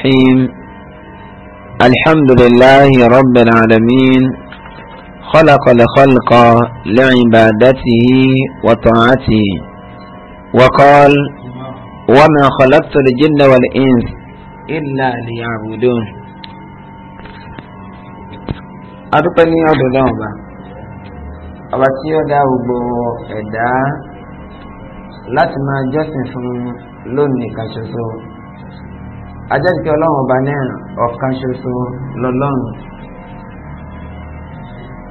الرحيم الحمد لله رب العالمين خلق الخلق لعبادته وطاعته وقال وما خلقت الجن والإنس إلا ليعبدون أرقني أدو لوبا أبتي وداو بو إدا لاتما جسم لوني كشسو ajẹ́sí pé ọlọ́run ọba náà ọ̀kan ṣoṣo lọ́lọ́run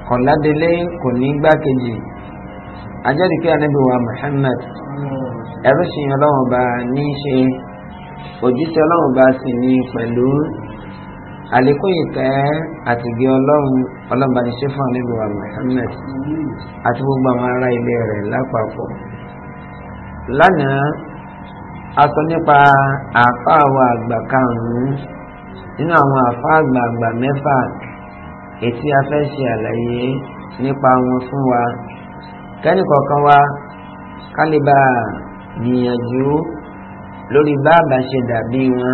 kọ̀ládélé kò ní gbákejì ajẹ́sí pé anábì wa Muhammad ẹrú sí ọlọ́run ọba ní í ṣe òjíṣẹ́ ọlọ́run ọba sì ní pẹ̀lú àlékún ìtẹ́ àtìgẹ́ ọlọ́run ọlọ́ba ní ṣe fún anábì wa Muhammad àti gbogbo àwọn ará ilé rẹ̀ lápapọ̀ lánàá a sọ nípa àfa àwọn àgbà karùn-ún nínú àwọn àfa àgbààgbà mẹ́fà ètí a fẹ́ ṣe àlàyé nípa wọn fún wa kẹ́nìkọ̀ọ̀kan wa kálíbà gbìyànjú lórí bá a bá ṣe dàbí wọn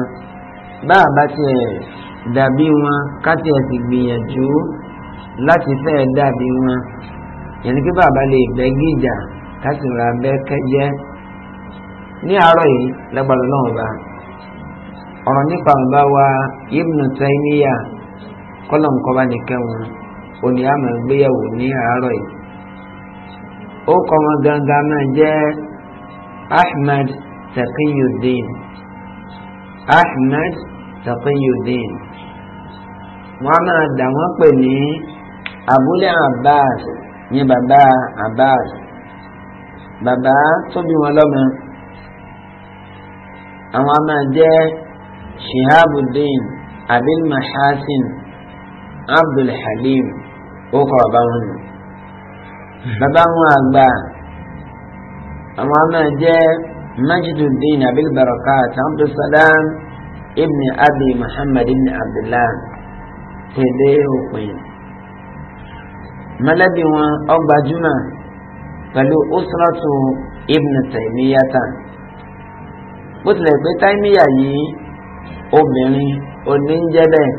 bá a bá tiẹ̀ dàbí wọn ká tiẹ̀ sì gbìyànjú láti fẹ́ dàbí wọn yẹn ni kí bàbá lè bẹ́ gíjà ká ra bẹ́ kẹ́jẹ́ ní àárọ̀ yìí lágbára náà bá ọ̀rọ̀ nípa bàbá wa Ibn Taymiyyah kọ́lọ̀nkọ́ba nìkẹ́wọ̀n òní àmọ̀ ìgbéyàwó ní àárọ̀ yìí ó kọ́ wọn gangan náà jẹ́ Ahmad Taqiyuddin Ahmad Taqiyuddin wọn máa dà wọ́n pè ní Abul Abbas ní bàbá Abbas bàbá tó wọn lọ́mọ àwọn a máa jẹ́ shihabuddin abil mahasin abdul halim ó kọ bàbá wọn nù bàbá wọn àgbà àwọn a máa jẹ́ majiduddin abil barakat abdul salam ibn abi muhammad ibn abdullah tẹ̀lé òpin mọ̀lẹ́bí wọn ọgbàjúmọ̀ pẹ̀lú usratu ibn taymiyata bó tilẹ̀ pé táìmíyà yìí obìnrin oníjẹ́ bẹ́ẹ̀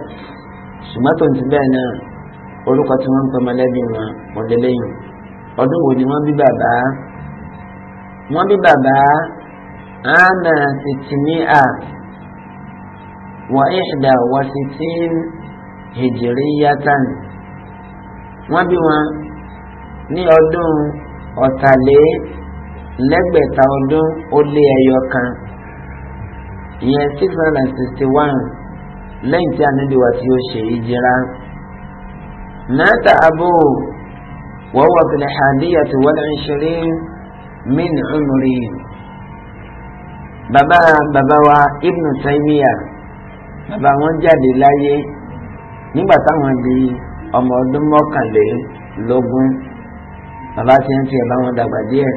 ṣùgbọ́n tó ń ti bẹ́ẹ̀ náà orúkọ tí wọ́n ń pẹ́ mọ́lẹ́bí wọn ọ̀dẹ́lẹ́yìn ọdún wo ni wọ́n bí bàbá wọ́n bí bàbá ana sitimi'a wa ihda wa sitin hijiriyatan wọ́n bí wọn ní ọdún ọ̀tàlélẹ́gbẹ̀ta ọdún ó lé ẹyọ kan ìyẹn six hundred and sixty one lẹ́yìn tí ànábì wa tí ó ṣe ìjìra nàtà abó wọ́wọ́ fìlẹ̀ hàdíyà tó wọ́n ń ṣeré min umri bàbá bàbá wa ibnu taymiya bàbá wọn jáde láyé nígbà táwọn di ọmọ ọdún mọ́kànlélógún bàbá ti ń tiẹ̀ bá wọn dàgbà díẹ̀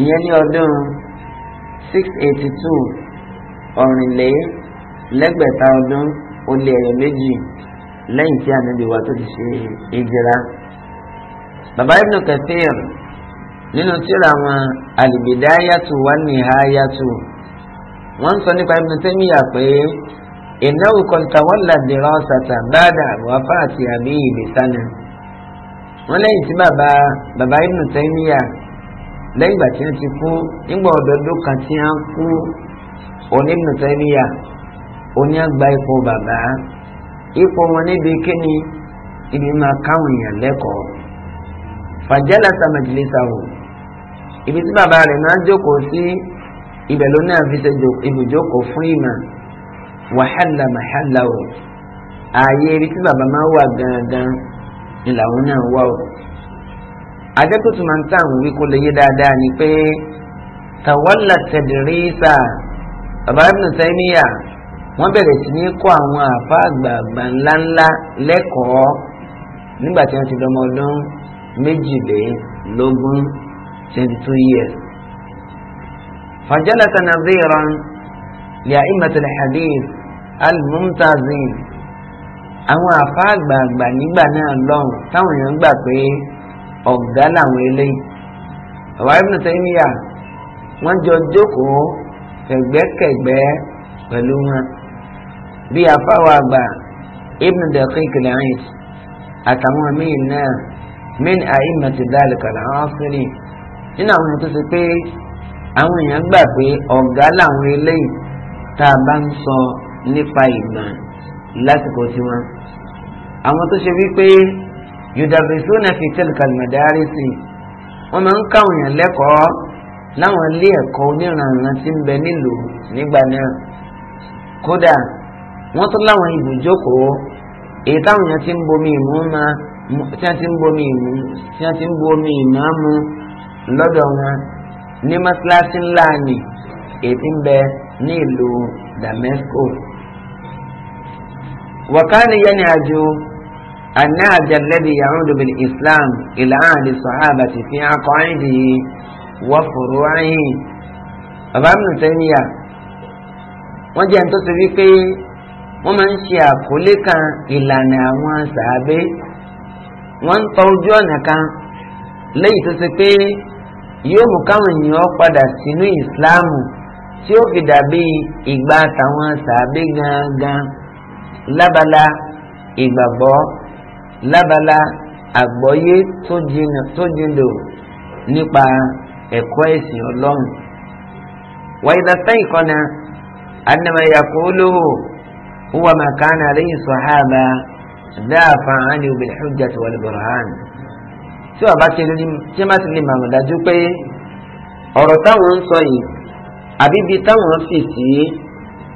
ìyẹn ní ọdún six eighty two ọ̀rìnlé lẹ́gbẹ̀ta ọdún ó lé ẹ̀yọ méjì lẹ́yìn tí ànábì wa tó ti ṣe ìjìra. bàbá Ibn Kathir nínú tírà wọn al-Bidayatu wan-Nihayatu wọ́n sọ nípa Ibn Taymiyyah pé innahu qad tawalla dirasata ba'da wafati abihi bi sana. wọ́n lẹ́yìn tí bàbá bàbá Ibn Taymiyyah lẹ́yìn ìgbà tí wọ́n ti kú nígbà ọ̀dọ́dún kan tí wọ́n kú onínútẹ́bíyà oníàgbà ipò bàbá ipò wọn níbi kíni ibi máa káwọn èèyàn lẹ́kọ̀ọ́ fàjálà sàmàjìlísà wò ibi tí bàbá rẹ̀ máa jókòó sí ibẹ̀ ló náà fi ṣe ibùjókòó fún ìmọ̀ wàhálà màhálà wò ààyè ibi tí bàbá máa wà gangan ni làwọn náà wà o ajẹ́kùtù máa ń tà ń wí kó lè yé dáadáa ni pé tawalla tadrisa bàbá Ibn Taymiyyah wọ́n bẹ̀rẹ̀ sí ní kọ́ àwọn àfa àgbààgbà ńláńlá lẹ́kọ̀ọ́ nígbà tí wọ́n ti dọ́mọ ọdún méjìlélógún twenty two years. fajalasa nadhiran li a'immatil hadith al-mumtazin àwọn àfa àgbààgbà nígbà náà ọ̀gá làwọn eléyìí bàbá Ibn Taymiyyah wọ́n jọ jókòó fẹ̀gbẹ́kẹ̀gbẹ́ pẹ̀lú wọn bí afáwọ̀ àgbà Ibn Daqiq al-Eid àtàwọn míì náà min a'immati dhalika al-'asri nínú àwọn èèyàn tó ṣe pé àwọn èèyàn gbà pé ọ̀gá làwọn eléyìí tá a bá ń sọ nípa ìgbà lásìkò tiwọn àwọn tó ṣe wípé. yudarrisuna fi tilka almadarisi wọ́n máa ń káwọn èèyàn lẹkọọ láwọn ilé ẹ̀kọ́ oníranran ń bẹ nílùú nígbà náà kódà tún láwọn ibùjókòó èyí táwọn ti ń bomi ìmú máa tí wọ́n ti ń bomi ìmú tí wọ́n ti ń bomi ìmáà mu lọ́dọ̀ wọn ní mọ́sálásí ńlá ni èyí tí النهج الذي يعود بالإسلام إلى أهل الصحابة في عقائده وفروعه bàbá mi sẹ́ni yà wọ́n jẹ́ nítorí wípé wọ́n máa ń ṣe àkọlé kan ìlànà àwọn sàábé wọ́n ń tọ ojú ọ̀nà kan lẹ́yìn tó ṣe pé yóò mú káwọn èèyàn padà sínú ìsìláàmù tí ó fi dàbí ìgbà táwọn sàábé gangan lábala ìgbàgbọ́. lábala àgbọ́yé tó jinlẹ̀ tó jinlẹ̀ nípa ẹ̀kọ́ ẹ̀sìn ọlọ́run. wàyíta sẹ́yìn kọ́nà anamẹ̀yàkó lóhò wúwa màkánà lẹ́yìn sọ̀hábà dáàfà àni bil hujjati wal burhan. tí wàá bá ti rí tí má ti lè màmú dájú pé ọ̀rọ̀ táwọn ń sọ yìí àbíbi táwọn sì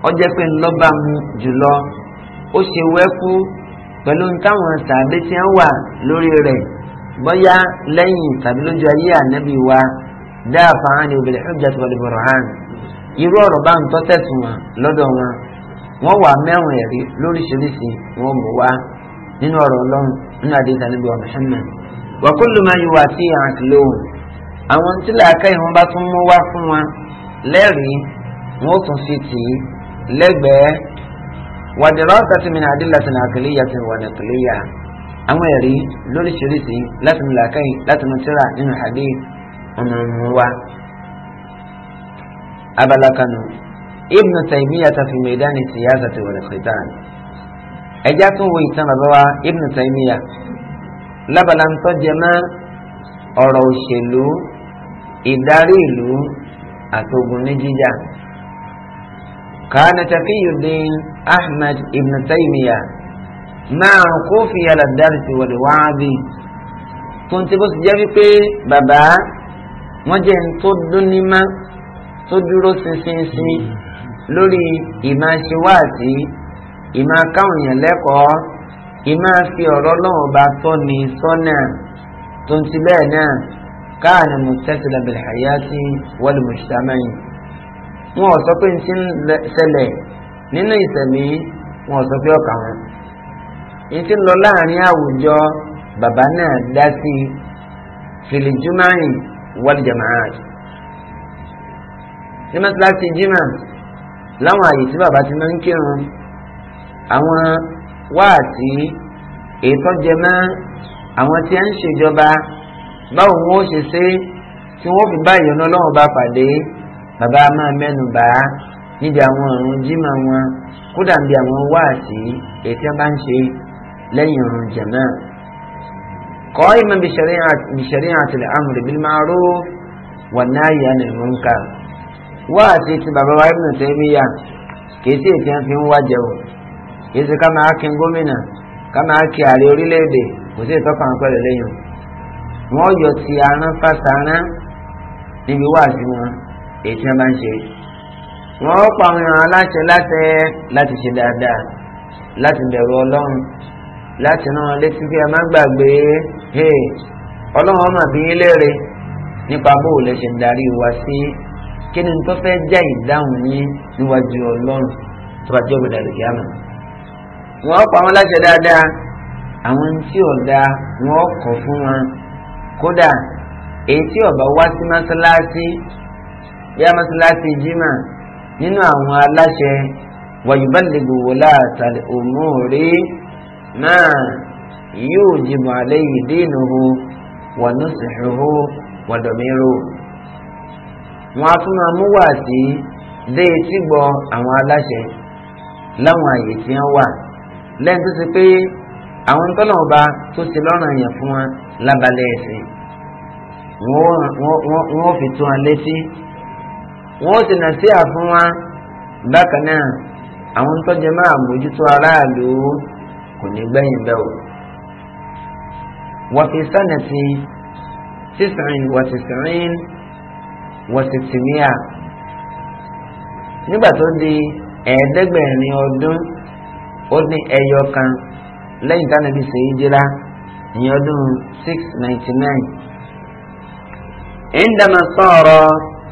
ọjọ́ pé mu jùlọ ó ṣe wẹ́kú. pẹ̀lú táwọn sàbẹ̀ tí wọ́n wà lórí rẹ̀ bóyá lẹ́yìn tàbí lójú ayé ànábì wa dáàfà á ní obìnrin ẹ̀jẹ̀ tó wọlé bọ̀rọ̀ hàn irú ọ̀rọ̀ bá ń tọ́tẹ̀ sí wọn lọ́dọ̀ wọn wọ́n wà mẹ́rin ẹ̀rí lóríṣiríṣi wọn mú wá nínú ọ̀rọ̀ ọlọ́run nínú àdéhùn ànábì wa Muhammad wa kullu ma sí àkìlóhùn àwọn tí làákà ìwọ̀n bá tún mú wá fún wọn lẹ́rìí wọn tún fi tì í lẹ́gbẹ̀ẹ́ wàdìrọ́sàtì mi náà adílàtì náà àkìlíyà ti wà nìkìlíyà àwọn ẹ̀rí lóríṣiríṣi láti nu làákàyè láti nu tíra nínú àdé ọ̀nàmú wa. abala kanu ibnu taymiya ta fi mẹ́dánì siyasa ti wọlé kìtàn. ẹja tún wo ìtàn bàbá wa ibnu taymiya lábala ń tọ́jẹ mọ́ ọ̀rọ̀ òṣèlú ìdarí ìlú àtogun ní jíjà. كان تقي الدين أحمد ابن تيمية مع كوفي على الدرس والوعظ كنت بس جابي في بابا وجه تدنما تدرس سنسي lórí ìmọ̀ ṣe wáàsí ìmọ̀ káwọn èèyàn lẹ́kọ̀ọ́ ìmọ̀ fi ọ̀rọ̀ lọ́wọ́ bá tọ́ni sọ́nà tó ń ti bẹ́ẹ̀ náà káàní mùtẹ́sílẹ̀ bẹ̀rẹ̀ àyà sí wọ́ọ̀lù mùsùlùmí wọn ò sọ pé n ti ń ṣẹlẹ̀ nínú ìṣẹ̀mí wọn ò sọ pé ọkàn wọn n ti lọ láàrin àwùjọ bàbá náà dá sí fìlìjúmáì wàlìjàmáàjì ní mọ́tíláṣí jimá láwọn àyè tí bàbá ti máa ń kírun àwọn wáàtí ètò jẹmọ́ àwọn tí ń ṣèjọba báwo wọn ó ṣe ṣe tí wọn fi bá ìyọnu Ọlọ́run bá pàdé bàbá a máa mẹ́nu bá a níbi àwọn ọ̀run jímà wọn kódà níbi àwọn wáàsí èyí tí wọ́n bá ń ṣe lẹ́yìn ọ̀run jẹ̀mọ́. قائما بشريعة الأمر بالمعروف والنهي عن المنكر wáàsí ti bàbá wa Ibn Taymiyyah kìí sí ìfihàn fi ń wájẹ o kìí sí ká máa kí gómìnà ká máa kí ààrẹ orílẹ̀-èdè kò sí ìtọ́ka ń pẹ̀lú lẹ́yìn wọ́n yọ ti aràn fásánà níbi wáàsí wọn èyí tí wọ́n bá ń ṣe wọ́n pa àwọn èèyàn aláṣẹ láti láti ṣe dáadáa láti bẹ̀rù ọlọ́run láti rán wọn létí pé ẹ má gbàgbé ọlọ́run ọmọ bí yín léèrè nípa bó lè ṣe darí wa sí kí ni tó fẹ́ já ìdáhùn yín níwájú ọlọ́run tó bá jẹ́ òbí dàrú kí á mọ̀ wọ́n pa àwọn aláṣẹ dáadáa àwọn tí ọ̀dà wọn kọ̀ fún wọn kódà èyí tí ọ̀bà wá sí mọ́sálásí bí a mọ́sálásí jimá nínú àwọn aláṣẹ wàyúbálẹ̀gbò wọlé àtàlẹ òmùrè náà yóò jìmọ̀ àlẹ́ yìí dínú wọnú sèhóhó wọ̀dọ̀míró. wọn a tún máa mú wá sí dé etí gbọ́ àwọn aláṣẹ láwọn àyè tí wọ́n wà lẹ́yìn tó ti pé àwọn tọ́lọ̀ọba tó ti lọ́rùn yẹn fún wọn lábalẹ̀ ẹ̀sìn wọ́n fi tún wọn létí wọ́n ó ti nà sí àfún wa bákan náà àwọn tọ́jú máa mójútó aráàlú kò ní gbẹ̀yìn bẹ́ẹ̀ o. wọ́fi sánẹ̀tì sísìn wọ́sísìn wọ́sísìmíà nígbà tó di ẹ̀ẹ́dẹ́gbẹ̀rin ọdún ó ní ẹyọ kan lẹ́yìn tánàbí ṣe hijira six ninety nine. sọ̀rọ̀.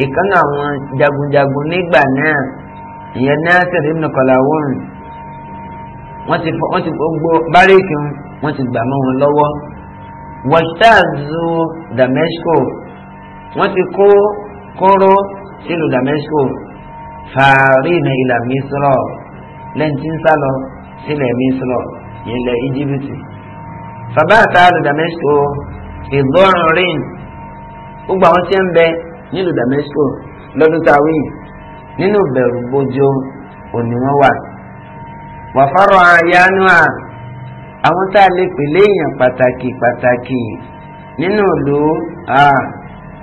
ìkan àwọn jagunjagun nígbà náà ìyẹn Nasir ibn Qalawun wọ́n ti fọ́ wọ́n ti gbogbo báríkì wọ́n ti gbà mọ́ wọn lọ́wọ́ wọ́ṣtáàzù Damasco wọ́n ti kó kóró sílùú Damasco fàárínà ìlà Misrọ̀ lẹ́yìn tí ń sá lọ sílẹ̀ Misrọ̀ ilẹ̀ Íjíbítì fàbáàtà àlù Damasco ìdọ́rin gbogbo àwọn tí ń bẹ nílùú Damasco lọ́dún tá a wí nínú bẹ̀rù bójó òní wọ́n wà. wàfárọ̀ àyánúà àwọn tá a lè pè léèyàn pàtàkì pàtàkì nínú ìlú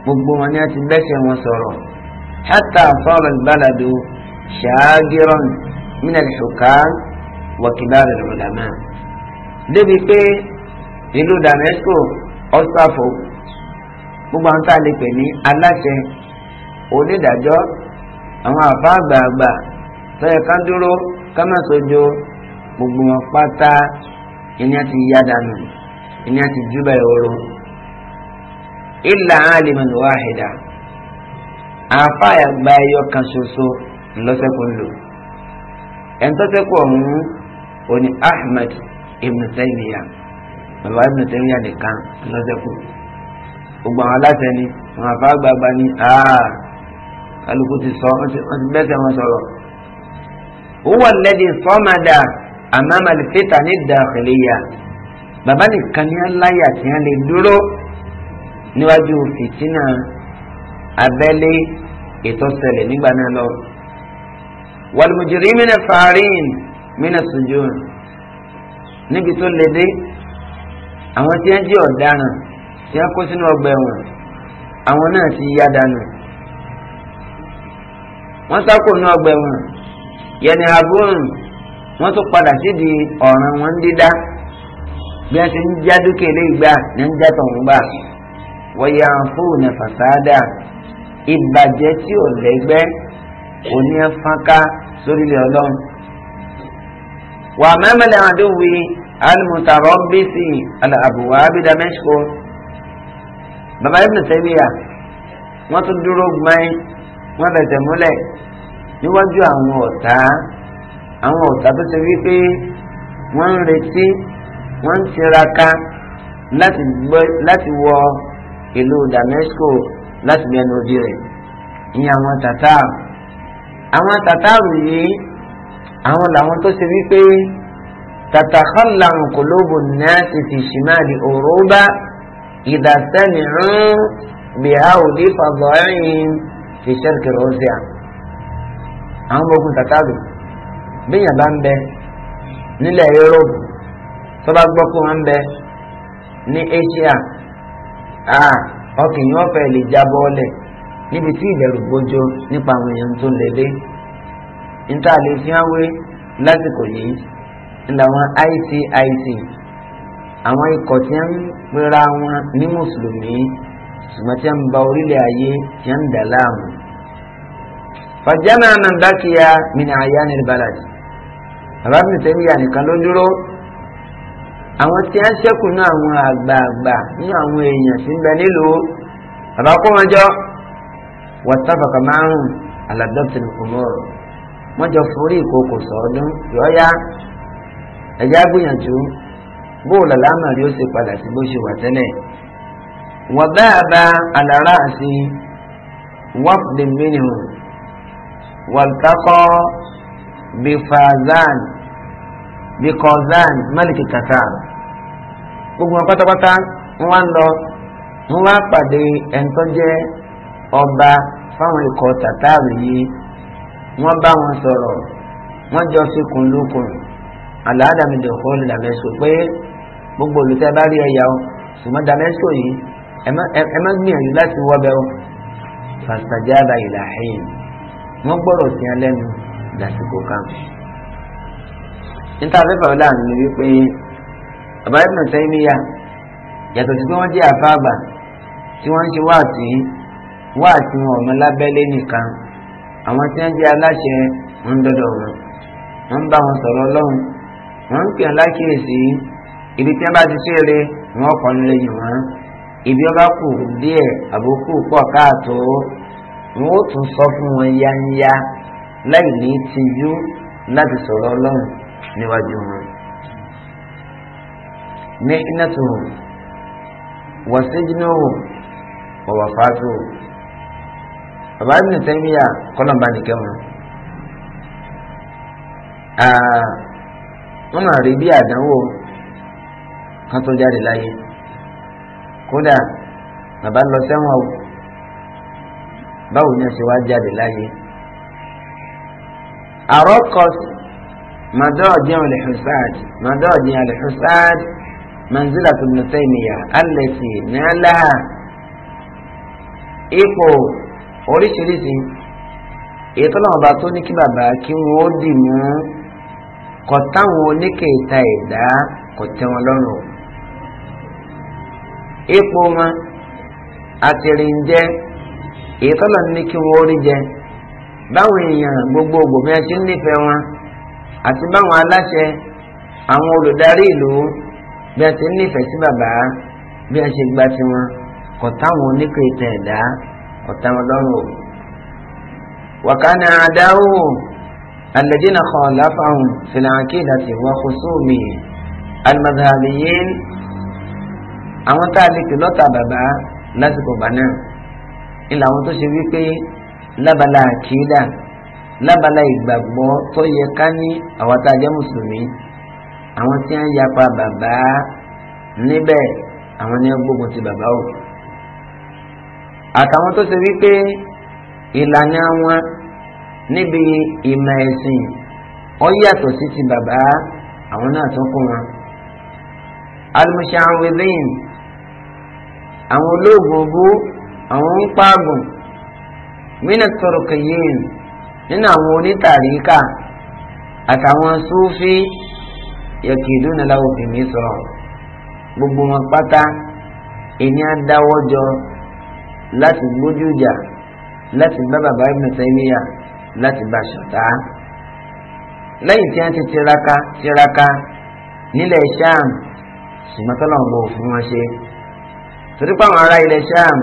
gbogbo wọn ni a ti bẹ́sẹ̀ wọn sọ̀rọ̀ hátà sọ̀rọ̀ ìbálàdó ṣáágírọ̀n mínà ìṣòká wàkìlárì lọ́dàmá. débi pé ìlú Damasco ọ̀sáfò gbogbo àwọn tá a lè pè ní aláṣẹ onídàájọ́ àwọn àfa àgbààgbà tọ́yẹ ká dúró ká má sojo gbogbo wọn pátá ìní àti yádànù ìní àti júbà ìhoro ìlà àlìmọ̀nù wáhìdà àfa àgbà ẹyọ kan ṣoṣo ńlọ́sẹ̀kùn lò ẹ̀ńtọ́sẹ̀kù ọ̀hún òní Ahmed ibn Taymiyyah bàbá ibn Taymiyyah nìkan ńlọ́sẹ̀kùn lò gbogbo àwọn aláṣẹ ni àwọn àfa àgbààgbà ni kálukú ti sọ wọ́n ti bẹ́sẹ̀ wọn sọ̀rọ̀ huwa alladhi samada amama al-fitani ad-dakhiliyya bàbá nìkan ní aláyà tí wọ́n lè dúró níwájú fìtínà abẹ́lé ìtọ́sẹ̀lẹ̀ nígbà náà lọ. wal mujrimina farin mina sujun níbi tó lédè àwọn tí wọ́n jẹ́ ọ̀daràn yà kó sínú ọgbà ẹ̀wọ̀n àwọn náà ti yá dànù wọ́n sáko ní ọgbà ẹ̀wọ̀n yẹni àbúrùn wọ́n tún padà sídìí ọ̀ràn wọn dídá bí wọ́n ti ń já dúkìá ilé ìgbà ní ń já tọ̀hún gbà wọ́n yà fóònù fàsáàdà ìbàjẹ́ tí ò lẹ́gbẹ́ òní ẹ̀fọ́nká sórílẹ̀ ọlọ́run. wà mẹ́mẹ́lẹ́ àdúwì alimutarọ́bísì alàbùwà abidamẹ́sìkò bàbá ibùdó tẹ́lẹ̀yà wọ́n tún dúró gbọ́n wọ́n bẹ̀tẹ̀ múlẹ̀ níwájú àwọn ọ̀tá àwọn ọ̀tá tó ṣe wípé wọ́n ń retí wọ́n ń tiraka láti wọ ìlú Damasco láti gbẹnu ojú rẹ̀ ìyẹn àwọn tàtàrù àwọn tàtàrù yìí àwọn làwọn tó ṣe wípé tàtàkọ́lá ń kò lóbùn náà ti fi ṣìmáàlì òróbá. إذا سمعوا بهول فظائعهم في شرك الرزع àwọn ọmọ ogun tàkàdù bá ń bẹ nílẹ̀ bá gbọ́ pé wọ́n Asia lè jábọ́ níbi tí ìbẹ̀rù gbójó nípa àwọn èèyàn tó lélẹ̀ níta lè fi hàn lásìkò yìí ní ICIC àwọn ikọ̀ tí ń pera wọn ní mùsùlùmí ṣùgbọ́n tí ń ba orílẹ̀ ayé tí ń dà láàmú. fàjánà nàdákìá min àyàn al-balad bàbá mi tẹ́lẹ̀ yà nìkan ló dúró àwọn tí ń ṣẹ́kù ní àwọn àgbààgbà ní àwọn èèyàn tí ń bẹ nílùú bàbá kó wọn jọ wọ́tàfàkà márùn-ún aladọ́tìn kùmọ́ọ̀rọ̀ wọ́n jọ forí ìkókò sọ́ọ́dún yọ̀ọ́yá ẹ̀yà gbìyànjú bóòlù àlámàrí ó ṣe padà sí bó ṣe wà tẹ́lẹ̀ wàdáàbá àlàrà àti wọ́pùdì mínú wàlùkákọ́ bifazan bikọzan málìkì kàtà gbogbo wọn pátápátá wọn wá ń lọ wọn wá pàdé ẹnitọ́jẹ́ ọba fáwọn ikọ̀ tàtàrù yìí wọ́n bá wọn sọ̀rọ̀ wọ́n jọ fikùn lukùn àlàádàmídìí kò lè dàbẹ̀ sọ pé gbogbo olùtẹ́ bá rí ẹ̀yà o ṣùgbọ́n dàmẹ́sọ yìí ẹ má gbìyànjú láti wọ́bẹ̀ o fàṣàjáàbà ìlàhìn wọ́n gbọ́rọ̀ sí ẹ lẹ́nu dàsìkò kan. níta afẹ́fẹ́ ọ̀la ni wípé bàbá ìbùnà tẹ́míyà yàtọ̀ sí pé wọ́n jẹ́ àfáàgbà tí wọ́n ń ṣe wáàtí wáàtí wọn ọ̀mọ lábẹ́lé nìkan àwọn tí wọ́n jẹ́ aláṣẹ ń dọ́dọ̀ wọn wọ́n ń bá wọn sọ̀rọ̀ ọlọ́run wọ́n ń pè ọ́ lákìyèsí ibi tí wọ́n bá ti ṣeré wọ́n kọ́ ní lẹ́yìn wọn ibi ọba kù díẹ̀ àbókù pọ̀ káàtó wọ́n ó tún sọ fún wọn yányá láì ní tìjú láti sọ̀rọ̀ ọlọ́run níwájú wọn. mihnatuhum wa sijnuhum wa wafatuhum bàbá mi tẹ́míyà kọ́nàmbá nìkẹ́ wọn. wọ́n máa rí bí àdánwò kan tó jáde láyé kódà bàbá lọ sẹ́wọ̀n o báwo ni a ṣe wá jáde láyé. àròkọs màdọ́ọ̀dì alẹ́xùsáàd màdọ́ọ̀dì alẹ́xùsáàd manzila tunu tẹ́mìyà alẹ́sì nílá ipò oríṣiríṣi èyí tọ́lọ́mọba tó ní kí bàbá kí wọ́n ó dì mú kọ̀táwọn oníkèéta ẹ̀dá kò tẹ́ wọn lọ́rùn o ipò wọn àtìrìnjẹ ìtọ́lọ̀ ní kí wọ́n rí jẹ báwọn èèyàn gbogbogbò bí wọ́n ṣe ń nífẹ̀ẹ́ wọn àti báwọn aláṣẹ àwọn olùdarí ìlú bí wọ́n ti ń nífẹ̀ẹ́ sí bàbá bí wọ́n ṣe gba tiwọn kò táwọn oníkè tẹ̀ ẹ̀dá ọ̀tá wọn lọ́rùn o. wàkánà àdáwò alladhina khalafahum fil aqidati wa khusumi al-madhhabiyin àwọn tá a lè pè lọ́tà bàbá lásìkò bá náà ni làwọn tó ṣe wípé lábala àkídà lábala ìgbàgbọ́ tó yẹ ká ní àwọn tá a jẹ́ mùsùlùmí àwọn tí wọ́n yapa bàbá níbẹ̀ àwọn ni wọ́n gbógun ti bàbá o àtàwọn tó ṣe wípé ìlànà wọn níbi ìmọ̀ ẹ̀sìn ó yàtọ̀ sí ti bàbá àwọn náà tó kún wọn. al-musha'widhin àwọn olóògùn owó àwọn ń pààgùn mina tọrọkìyìn nínú àwọn onítàríkà àtàwọn súfí yẹkìdú nílá òfin mi sọ̀rọ̀ gbogbo wọn pátá ìní adáwọ́jọ láti gbójú ìjà láti bá bàbá mẹsàmíyà láti bá ṣọ̀tá lẹ́yìn tí wọ́n ti tiraka tiraka nílẹ̀ sham ṣùgbọ́n tọ́lọ̀ ń wọn ṣe torí pé àwọn ará ilẹ̀ sham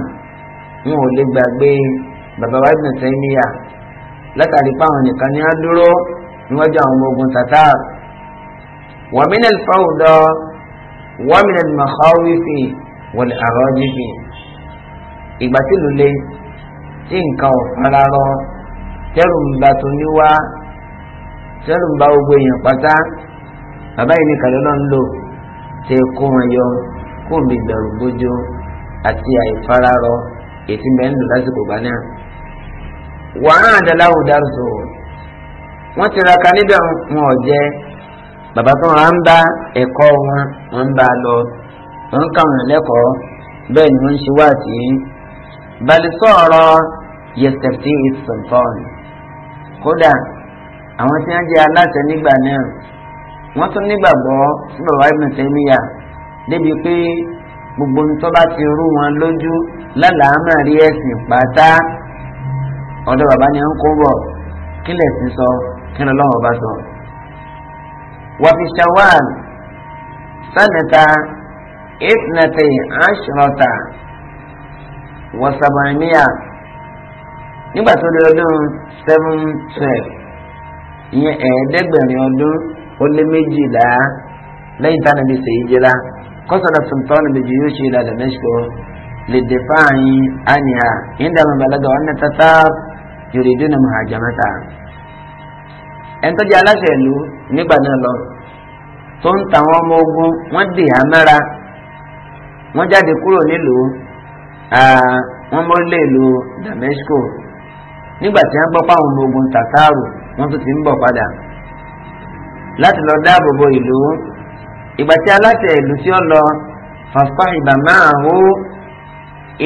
wọn ò lè gbàgbé bàbá wa ibùdó tẹ́míyà látàrí pé àwọn nìkan ni á dúró níwájú àwọn ọmọ ogun tatar wàmínà fáwùdọ wàmínà màkàwífì wọlé àrọ́jífì ìgbà tí lulẹ̀ tí nǹkan ò fara rọ tẹ́rù ń ba tó níwá tẹ́rù ń ba gbogbo èèyàn pátá bàbá yìí ní kàlọ́lọ́ ń lò tẹ́ kó wọn yọ kó mi gbẹ̀rù gbójú àti àìfararọ ètí mẹ́ńdù lásìkò gbà náà. wàhán àdàláwò dárúsọ wọ́n ti raka níbẹ̀ wọn ò jẹ́ bàbá tó wọn ń bá ẹ̀kọ́ wọn wọn ń bá a lọ wọn ń kàwọn lẹ́kọ̀ọ́ bẹ́ẹ̀ ni wọ́n ń ṣe wá sí i. balisọ ọ̀rọ̀ yẹsẹ̀tì ìsọ̀tọ̀ọ̀nù kódà àwọn tí wọ́n jẹ́ aláṣẹ nígbà náà wọ́n tún nígbàgbọ́ sí bàbá Ibn Taymiyyah pé gbogbo nítorí bá ti rú wọn lójú lálàámà rí ẹ̀sìn pátá ọ̀dọ̀ bàbá ni à ń kó bọ̀ kí lè sí sọ kí ló lọ́wọ́ bá sọ. wàfi shawal sanata itnate ashrata wasabamiya nígbà tó lé ọdún seven twelve ìyẹn ẹ̀ẹ́dẹ́gbẹ̀rin ọdún ó lé méjìlá lẹ́yìn tánàbí ṣèyí jẹ́lá. قصد السلطان بجيوشه إلى دمشق للدفاع عنها عندما بلغوا أن التتار يريدون مهاجمتها ẹni tó jẹ́ aláṣẹ ìlú nígbà náà lọ tó ń ta àwọn ọmọ ogun wọ́n dè á mẹ́ra wọ́n jáde kúrò nílùú wọ́n mọ́lé ìlú Damasco nígbà tí wọ́n gbọ́ páwọn ọmọ ogun tàtàrù wọ́n tún ti ń bọ̀ padà láti lọ dáàbò bo ìlú ìgbà tí aláṣẹ ìlú tí ó lọ fàfà ìbà máa hó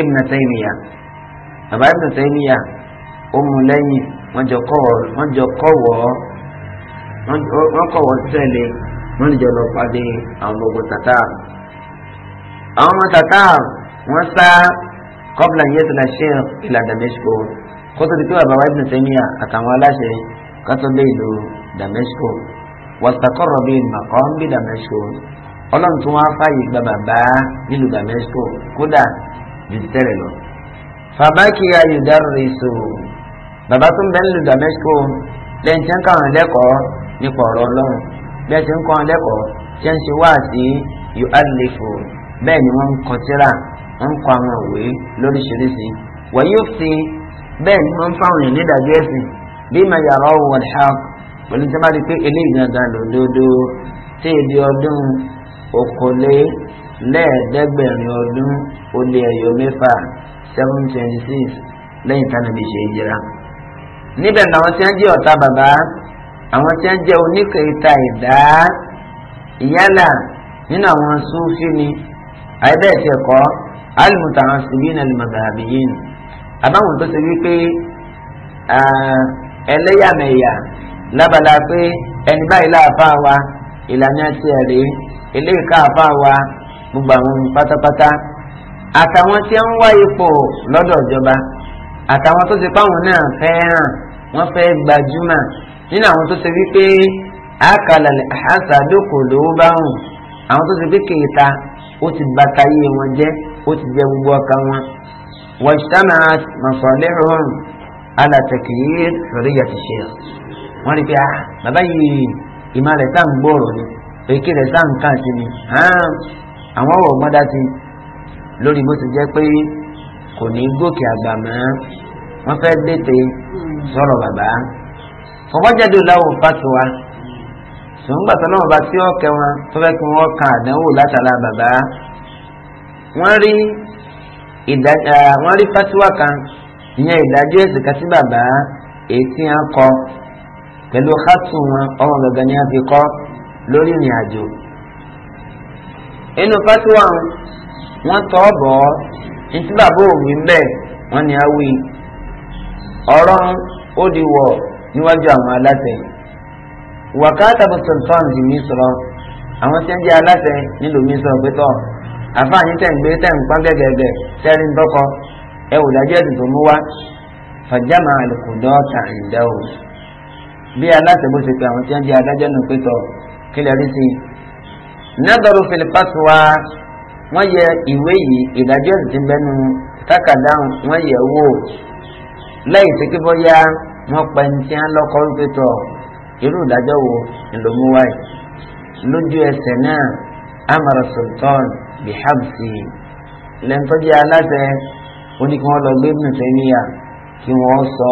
Ibn Taymiyyah bàbá Ibn Taymiyyah ó mú lẹ́yìn wọ́n jọ kọ̀wọ́ wọ́n kọ̀wọ́ tẹ̀lé wọ́n lè jọ lọ pàdé àwọn ọmọ tata àwọn ọmọ tata wọ́n sá kọ́bùlà yẹn tó la ṣe ìlà Damasco kótó di pé bàbá Ibn Taymiyyah àtàwọn aláṣẹ kátó dé ìlú Damasco wàtàkọrọ bíi màkàn bíi dàmẹsọ ọlọ́run tó wá fàyè gba bàbá nílùú dàmẹsọ kódà ju tẹ́lẹ̀ lọ. fàbákì ayùdárìsò bàbá tó ń bẹ nílùú dàmẹsọ lẹ́yìn tí ń kàwọn lẹ́kọ̀ọ́ nípa ọ̀rọ̀ ọlọ́run bí ẹ ti ń kọ́ wọn lẹ́kọ̀ọ́ tí ń ṣe wá sí yóò bẹ́ẹ̀ ni wọ́n ń kọ tíra ń kọ àwọn òwe lóríṣiríṣi wọ́n yóò fi bẹ́ẹ̀ ni wọ́n fáwọn èèyàn nídàgbé ẹ̀sìn bí mà yàrá òwò pẹ̀lú tí wọ́n bá rí i pé eléyìí gangan lòdodo tí èdè ọdún okòólé lẹ́ẹ̀ẹ́dẹ́gbẹ̀rin ọdún ó lé ẹyọ mẹ́fà seven twenty six lẹ́yìn tánàbí ṣe ìjìra. níbẹ̀ làwọn tí wọ́n jẹ́ ọ̀tá bàbá àwọn tí wọ́n jẹ́ oníkèéta ìdá ìyálà nínú àwọn súnfí ni àìbẹ́ẹ̀ tiẹ̀ kọ́ alimuta àwọn sibin alimadàbíyìn àbáwọn tó ṣe wípé ẹlẹ́yàmẹ̀yà lábala pé ẹni báyìí láàfà wa ìlànà tiẹ̀ rèé eléyìí káàfà wa gbogbo àwọn pátápátá àtàwọn tí ń wá ipò lọ́dọ̀ ìjọba àtàwọn tó ti páwọn náà fẹ́ràn wọ́n fẹ́ gbajúmọ̀ nínú àwọn tó ti wí pé àkàlà àṣàdókò lówó bá hùn àwọn tó ti pé kéèta ó ti bàtà wọn jẹ́ ó ti jẹ gbogbo ọkàn wọn. wajtamat masalihum ala takyif hurriyati shaykh wọ́n rí pé ah bàbá yìí ìmọ̀ rẹ̀ tá à ń gbọ́rọ̀ ni èké rẹ̀ tá à ń kàn sí ni àwọn ọ̀rọ̀ gbọ́dá sí lórí bó ti jẹ́ pé kò ní gòkè àgbà mọ́ wọ́n fẹ́ dètè sọ̀rọ̀ bàbá fọwọ́jáde láwọ̀ fatuwa sọ̀ngbà tó náà bá tí ó kẹ́ wọn tó fẹ́ kí wọ́n kan àdánwò látara bàbá wọ́n rí ìdájọ́ wọ́n rí fatuwa kan ìyẹn ìdájọ́ ẹ̀sìn kan sí bàbá èyí tí wọ́n kọ́ pẹ̀lú hátù wọn ọmọ gàgà ni a fi kọ́ lórí ìrìn àjò inú fatuwa wọn tọ́ bọ̀ ọ́ ntí bàbá òwì ń bẹ̀ wọ́n ní awí ọ̀rọ̀ ó di wọ̀ níwájú àwọn aláṣẹ wàkàtà bó sultan di mí sọ̀rọ̀ àwọn tí ń jẹ́ aláṣẹ nílùú mi sọ̀rọ̀ pé tọ̀ àfààní tẹ̀ ń gẹ́gẹ́gẹ́ tẹ́rí ń dọ́kọ ẹ wò dájú ẹ̀sìn tó mú wá fàjámà àlùkò dọ́ọ̀tà ìdáwò bí aláṣẹ bó ṣe pé àwọn tí wọ́n jẹ́ adájọ́ nù pé tọ̀ kí lè rí sí i. nẹ́dọ̀rù filipasu wa wọ́n yẹ ìwé yìí ìdájọ́ ti bẹnu tákàdá wọ́n yẹ wò lẹ́yìn tí kíkọ́ yá wọ́n pa ẹni tí wọ́n lọ́kọ́ wípé tọ̀ irú ìdájọ́ wo ńlọmú wáyé lójú ẹsẹ̀ náà amara sultan bihabsi lẹ́ńtọ́jú aláṣẹ oníkan lọ gbé nù tẹ́níyà kí wọ́n sọ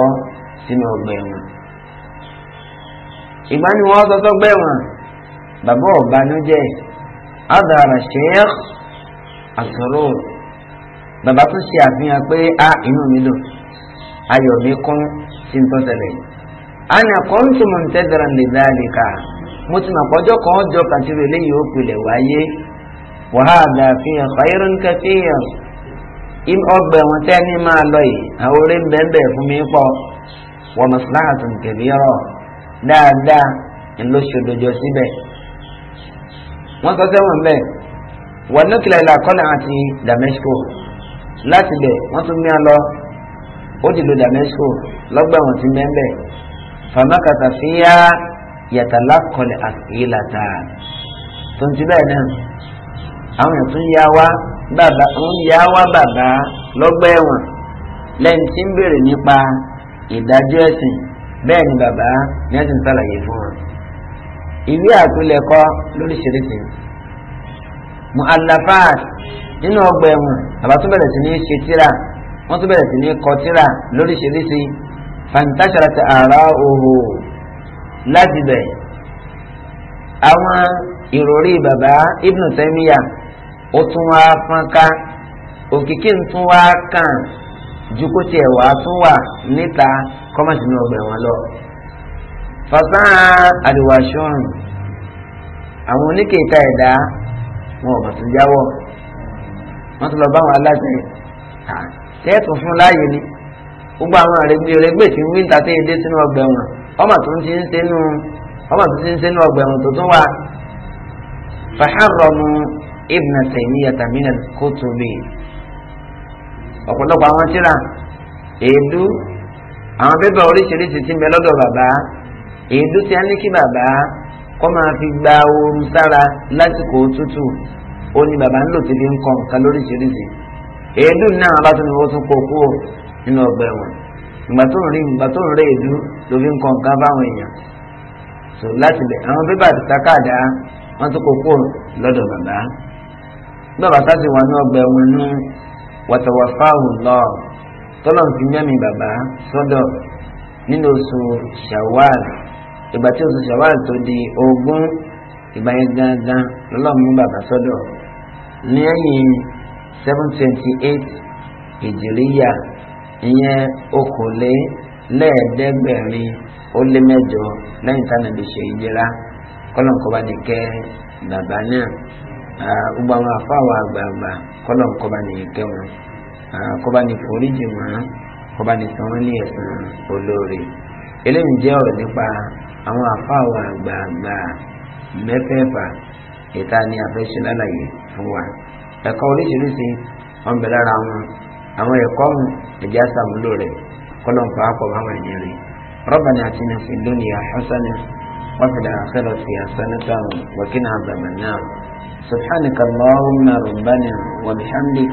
sínú ọgbà ẹ̀wọ̀n ìgbà ni wọ́n sọ́tọ́ gbẹ̀wọ̀n bàbá ọ̀bánújẹ́ adara sheikh asoro bàbá tún ṣe àfihàn pé a inú mi dùn ayọ̀ mi kún sí tó tẹ̀lé ana kọ́ńtù mọ̀ntẹ́dara lè dáàlìkà mo ti mọ̀ pọ́jọ́ kan jọ kàtìrì eléyìí ó pilẹ̀ wáyé wàhálà àfihàn khairun kathir ọgbà ẹ̀wọ̀n tẹ́ ní máa lọ yìí àwọn orí ń bẹ́ẹ̀ bẹ́ẹ̀ fún mi pọ̀ wọ́n mọ̀ síláhàtún kẹ̀lé dáadáa ńlọ ṣòdòjọ síbẹ̀ wọ́n sọ sẹ́wọ̀n bẹ́ẹ̀ wà nókìlá ìlà kọ́nà àti Damasco láti bẹ̀ wọ́n tún mí lọ ó dìlò Damasco lọ́gbà wọn ti mẹ́ńbẹ̀ fàmákàtà fíyà yàtàlá kọlẹ̀ àkìlàtà tó ń ti bẹ́ẹ̀ náà àwọn èèyàn tún yá wá bàbá ń yá wá bàbá lọ́gbà ẹ̀wọ̀n lẹ́yìn tí ń béèrè nípa ìdájọ́ ẹ̀sìn bẹ́ẹ̀ ni bàbá ni a ti ń sàlàyé fún wọn. ìwé àpilẹ̀kọ lóríṣiríṣi mu'allafat nínú ọgbà ẹ̀wọ̀n bàbá tún bẹ̀rẹ̀ sí ní ṣe tíra wọ́n tún bẹ̀rẹ̀ sí ní kọ tíra lóríṣiríṣi fantashara ti àrà òhò láti bẹ̀ àwọn ìròrí bàbá Ibn tẹ́míyà ó tún wá fọ́nká òkìkí ń tún wá kàn ju kó tiẹ̀ wá tún wà níta kọ́mọ̀sí ní ọgbà ẹ̀wọ̀n lọ. fàtà àdìwàṣọ́rùn àwọn oníkèéta ẹ̀dá wọn ò bàtún jáwọ́ wọ́n tún lọ bá àwọn aláṣẹ tẹ́ẹ̀tù fún láàyè ni gbogbo àwọn àrègbè rẹgbè tí ń wí níta tẹ́ ẹdẹ sínú ọgbà ẹ̀wọ̀n ọmọ tó ti ń sẹ́nu ọmọ tó ti ń sẹ́nu ọgbà ẹ̀wọ̀n tó tún wà fàhárọ̀mù Ibn Taymiyyah tàmínà kótóbì ọ̀pọ̀lọpọ̀ àwọn tíra èédú àwọn pépà oríṣiríṣi ti ń bẹ lọ́dọ̀ bàbá èédú tí a ní kí bàbá kọ́ máa fi gba ooru sára lásìkò òtútù ó ní bàbá ńlò ti fi ń kọ nǹkan lóríṣiríṣi èédú náà wọn bá tún ní wọn tún kó kúrò nínú ọgbà ẹ̀wọ̀n ìgbà tó ń rí ìgbà tó ń rí èédú ló fi ń kọ nǹkan fáwọn èèyàn so láti bẹ àwọn pépà ti takàdá wọn tún kó kúrò lọ́dọ̀ bàbá bàbá sá tọ́lọ́n fi jẹ́ mi bàbá sọ́dọ̀ nínú oṣù shawal ìgbà tí oṣù shawal tó di ogún ìgbà yẹn gangan lọ́lọ́run mú bàbá sọ́dọ̀ lẹ́yìn seven twenty eight ìjìríyà ìyẹn okòólé lẹ́ẹ̀ẹ́dẹ́gbẹ̀rin ó lé mẹ́jọ lẹ́yìn táwọn ẹbí ṣe ìjìrá kọ́lọ́nkọ́ba ní kẹ́ bàbá náà gbogbo àwọn afọ àwọn àgbààgbà kọ́lọ́nkọ́ba ní kẹ́ wọn kọ́ba ní foríjì wọn kọ́ba ní san wọn ní ẹ̀sán olóore eléyìí jẹ́ ọ̀rọ̀ nípa àwọn àfáàwọ̀ àgbààgbà mẹ́fẹ̀ẹ̀fà ìta ni àfẹ́ṣe lálàyé fún wa ẹ̀kọ́ oríṣiríṣi wọn bẹ lára wọn àwọn ẹ̀kọ́ wọn ẹ̀já sàmúlò rẹ̀ kọ́lọ́n pàápọ̀ báwọn ẹ̀jẹ̀ rẹ̀ ربنا اتنا في الدنيا حسنه وفي الآخرة حسنة وقنا عذاب النار سبحانك اللهم ربنا وبحمدك